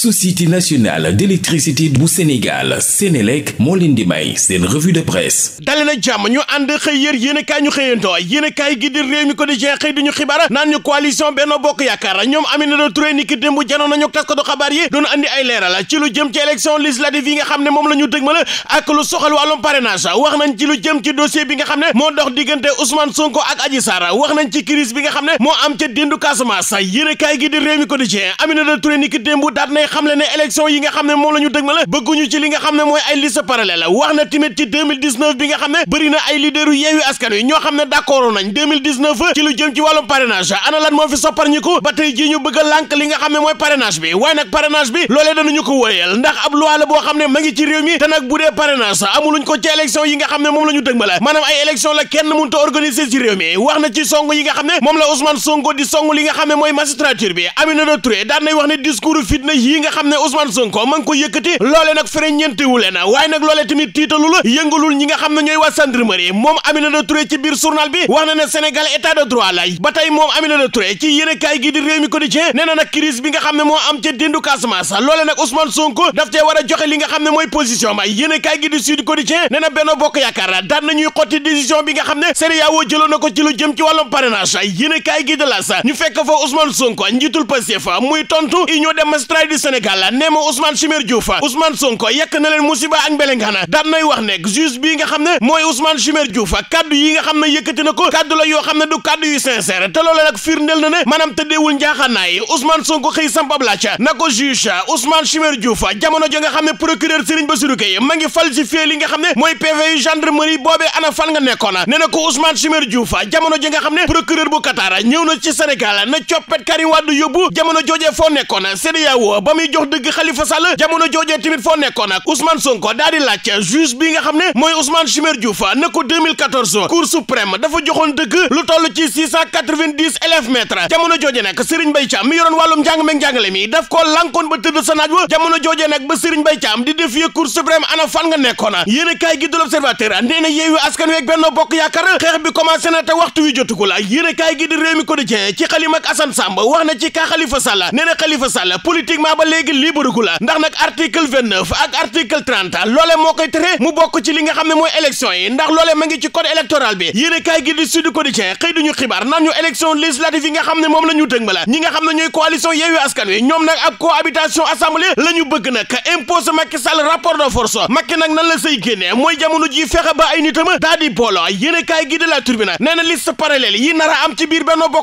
société nationale d'électricité bu Sénégal Sénélec moo leen di may seen revue de presse dali jàmm ñu ànd xëy yër yéen kaay ñu xëyantoo yéen kaay gi réew mi ko xëy duñu xibaar naan ñu coalition Benno Bokk Yaakaar ñoom Aminata Touré ni ki démb janoon nañu taskatu xabaar yi doon andi ay leeral ci lu jëm ci élection législative yi nga xam ne moom la ñu dëgmal ak lu soxal wàllum lu jëm ci dossier moo dox diggante Ousmane wax nañ ci crise bi nga xam ne moo am ca dindu Casamance yéen i kaay gi di xam le ne élection yi nga xam ne moom la ñu dëgmal bëgguñu ci li nga xam ne mooy ay liste parallèle wax na tamit ñoo xam ne d'accord nañ 2019 ci lu jëm ci wàllum parrainage a ne mooy parrainage bi waaye nag parrainage bi loolee danañu boo xam ne ma ngi ci réew mi te nag bu dee yi nga xam ne moom la ñu dëgmal maanaam ay kenn mënut a organiser ci réew mi nga xam ne moom la Ousmane Sonko di song li nga xam ne mooy magistrature bi Aminata Touré daan nay wax ne discours fitna yi yi nga xam ne Ousmane Sonko ma ngi ko yëkkati loole nag fereññeentewu leen waaye nag loole tamit tiitalul yëngalul ñi nga xam ne ñooy waa gendarmerie moom Aminata Touré ci biir journal bi wax na ne Sénégal de droit lay ba tey moom Aminata Touré ci yéenekaay gi di Rewmi Quotidien nee na nag crise bi nga xam ne moo am ca dindu Casamance loole nag Ousmane Sonko daf cee joxe li nga xam ne mooy position ba yéenekaay gi di Sud ko ci ci wàllum parrainage yéenekaay nee ma Ousmane Chimère Diouf Ousmane Sonko yàq na leen musiba ak mbelengaana daan nay wax ne juge bii nga xam ne mooy Ousmane Chimère Diouf kaddu yi nga xam ne yëkkati ko kaddu la yoo xam ne du kaddu yu sincère te loolu nag firndeel na ne maanaam tëddeewul njaaxaanaay Ousmane Sonko xëy sampab laaj na ko juge Ousmane Chimère Diouf jamono jo nga xam ne mooy PV yu gendarmerie boobee ana fan nga nekkoona nee na ko Ousmane Chimère Diouf jamono mi jox dëgg Khalifa Sall jamono joojee tamit foo nekkoon ak Ousmane Sonko daal di laaj juge bi nga xam ne mooy Ousmane Chimère Diouf ne ko 2014 dafa joxoon dëgg lu toll ci 690 élèves maîtres jamono jooje nag Serigne Mbaye Thiam mi yoroon wàllum njàng meeg mi daf koo lankoon ba tëdd sa naaj wa jamono jooje nag ba Serigne Mbaye Thiam di défier Cour suprême ana fan nga nekkoon a kaay gi du l'Observateur nee na yeewu askan weeg Benno Bokk Yaakaar xeex léegi libre gu la ndax nag article 29 ak article 30 loole moo koy tere mu bokk ci li nga xam ne mooy élection yi ndax loole ma ngi ci code électoral bi yéen a kaay gi di Sud Quotidien xëy duñu xibaar naan ñu élection législative yi nga xam ne moom la ñu dëg ma la ñi nga xam ne ñooy coalition Yewwi Askan Wi ñoom nag ab cohabitation assemblée la ñu bëgg nag impose Macky Sall rapport de force Macky nag nan la say génne mooy jamono ji fexe ba ay nitam daa di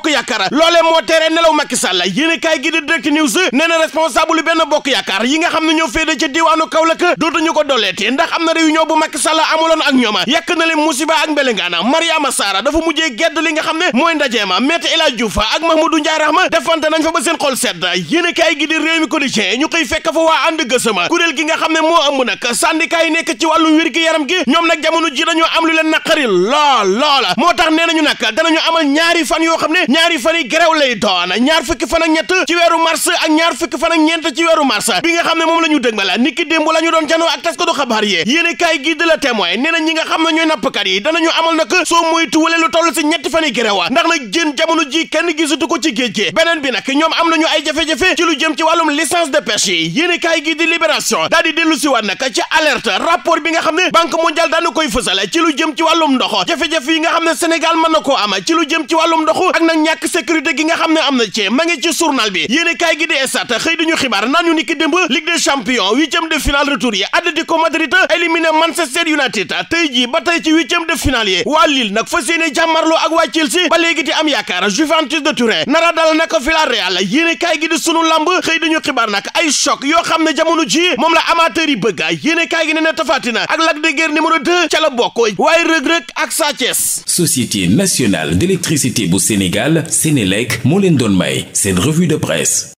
Yaakaar loole moo a kaay gi coowlu benn bokk yaakaar yi nga xam ne ñoo féete ca diwaanu Kaolack dootuñu ko dooleeti ndax am na réunion bu Macky Sall amuloon ak ñooma yàq na leen musiba ak mbelengaana Mariama Sarr dafa mujjee gedd li nga xam ne mooy ndajeema ma El Hadji Diouf ak Mahmoudou Ndiaye Rahma defante nañ fa ba seen xol sedd yéen kaay gi di réew mi quotidien ñu koy fekk fa waa ànd gësama kuréel gi nga xam ne moo ëmb nag syndicat yi nekk ci wàllu wér gi yaram gi ñoom nag jamono ji dañoo am lu leen naqari lool lool moo tax nee nañu nag danañu amal ñaari fan yoo xam ne ñaari fan yi grève lay doon ñaar fukki fan ñett ci weeru mars ak ñaar fukki fan ak ñett ci weeru mars bi nga xam ne moom la ñu dëgmal ni ki démb la ñu doon janoo ak taskatu xabaar yi yéen kaay gi de la témoin nee na ñi nga xam ne ñooy nappkat yi danañu amal nag soo moytuwulee lu toll si ñetti fan yi gréwa ndax nag jën jamono ji kenn gisutu ko ci géej gi beneen bi nag ñoom am nañu ay jafe-jafe ci lu jëm ci wàllum licence de pêche yi yéen kaay gi di libération daal di dellu si waat nag ci alerte rapport bi nga xam ne banque mondiale daanu koy fësal ci lu jëm ci wàllum ndox jafe-jafe nga xam ne Sénégal mën na koo am ci lu jëm ci wàllum ndox ak ñàkk sécurité gi nga xam ne am na ci ma ngi ci journal kaay gi di estat xëy duñu xibaar naan ñu ni ki démb Ligue des champions huitième de finale retour yi Atlético Madrid éliminé Manchester United jii ba tey ci huitième de finale yi waa Lille nag fas yéene jàmmarloo ak waa Chelsea ba léegi di am yaakaar Juventus de Turin nara dal nag Villarreal yéene kaay gi di sunu lamb xëy dañu xibaar nag ay choc yoo xam na jamono ji moom la amateur yi bëgg yéene kaay gi ne na tafatina ak Lac de Guiers numéro 2 ca la bokk waaye rëg-rëg ak Sa Thiès Société nationale d'électricité bu Sénégal Sénélec moo leen doon may seen revue de presse